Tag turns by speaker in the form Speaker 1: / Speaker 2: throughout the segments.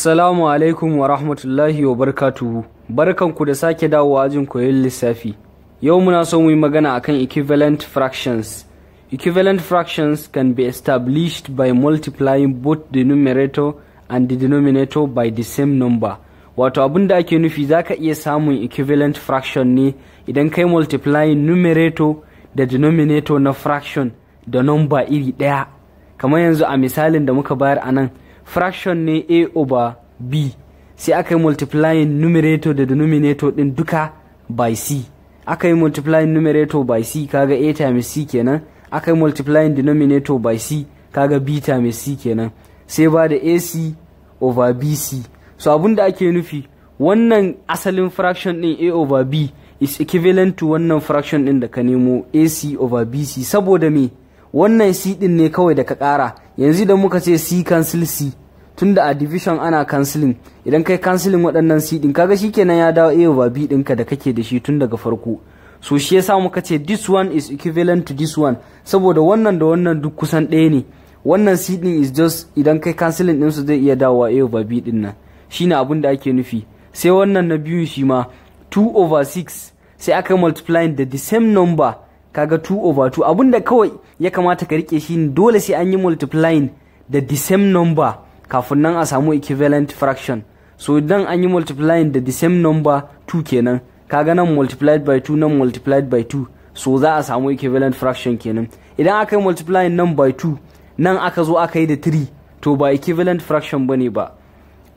Speaker 1: Assalamu alaikum wa rahmatullahi wa barkatuhu. Barkanku da sake dawo ajin koyon lissafi. Yau muna so mu yi magana akan equivalent fractions. Equivalent fractions can be established by multiplying both the numerator and the denominator by the same number. Wato abin da ake nufi za ka iya samun equivalent fraction ne idan kai multiplying numerator da denominator na fraction da number iri ɗaya. Kamar yanzu a misalin da muka bayar a nan. fraction ne a over b sai aka yi multiplying numerator da denominator din duka by c aka yi multiplying numerator by c kaga a times c kenan aka yi multiplying denominator by c kaga b times c kenan sai ba da ac over bc so abun da ake nufi wannan asalin fraction din a over b is equivalent to wannan fraction din da ka nemo ac over bc saboda me wannan c din ne kawai da ka kara yanzu da muka ce c cancel c tunda a division ana canceling idan kai canceling waɗannan c din kaga shikenan ya dawo a over b ɗinka da kake da shi tun daga farko so shi yasa muka ce this one is equivalent to this one saboda wannan da wannan duk kusan ɗaya ne wannan c din is just idan kai canceling ɗin su zai iya dawowa a over b ɗin nan shine abin da ake nufi sai wannan na biyu shi ma 2 over 6 sai aka multiplying da the same number kaga 2 over 2 abinda kawai ya kamata ka rike shi dole sai an yi multiplying da the same number kafin nan a samu equivalent fraction so dan an yi multiplying da the same number 2 kenan kaga nan multiplied by 2 nan multiplied by 2 so za a samu equivalent fraction kenan idan aka yi multiplying nan by 2 nan aka zo aka yi da 3 to ba equivalent fraction bane ba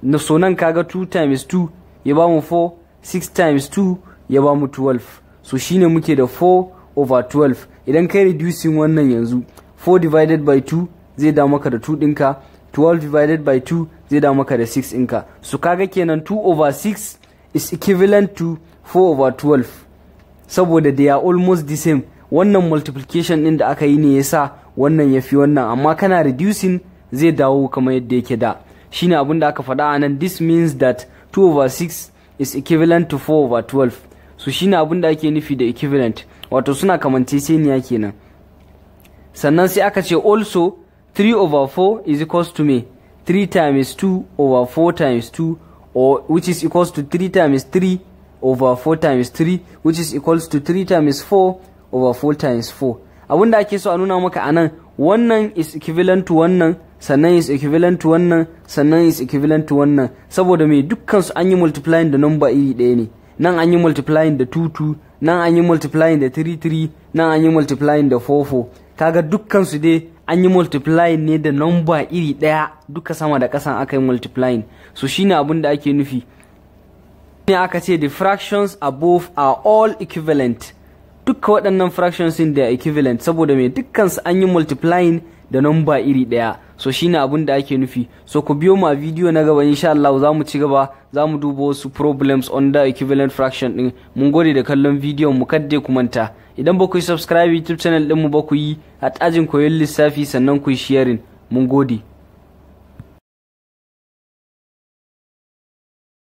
Speaker 1: na so nan kaga 2 times 2 ya ba mu 4 6 times 2 ya ba mu 12 so shine muke da 4 over 12 idan kai reducing wannan yanzu 4 divided by 2 zai da maka da 2 dinka 12 divided by 2 zai da maka da 6 inka so kaga kenan 2 over 6 is equivalent to 4 over 12 saboda they are almost the same wannan multiplication ɗin da aka yi ne yasa wannan ya fi wannan amma kana reducing zai dawo kamar yadda yake da shine abin da aka faɗa a nan this means that 2 over 6 is equivalent to 4 over 12 su shi shine abin da ake nufi da equivalent wato suna kamanceceniya kenan sannan sai aka ce also 3 over 4 is equals to me 3 times 2 over 4 times 2 or which is equals to 3 times 3 over 4 times 3 which is equals to 3 times 4 over 4 times 4 abin da ake so a nuna maka anan wannan is equivalent to wannan sannan is equivalent to wannan sannan is equivalent to wannan saboda mai dukkan su an yi multiplying da number iri ɗaya ne nan an yi multiplying da 2 nan an yi multiplying da 3 nan an yi multiplying da 4 kaga dukkan su dai an yi multiplying ne da number iri daya duka sama da kasan aka yi multiplying so shine abin da ake nufi ne aka ce the fractions above are all equivalent duka waɗannan fractions sin da equivalent saboda mai dukkansu an yi multiplying da number iri ɗaya so shine abin da ake nufi so ku biyo ma video na gaba insha Allah za mu ci gaba za mu duba wasu problems on the equivalent fraction din mun gode da kallon video mu kadde ku manta idan ba ku yi subscribe youtube channel din mu ba ku yi a tajin koyon lissafi sannan ku yi sharing mun gode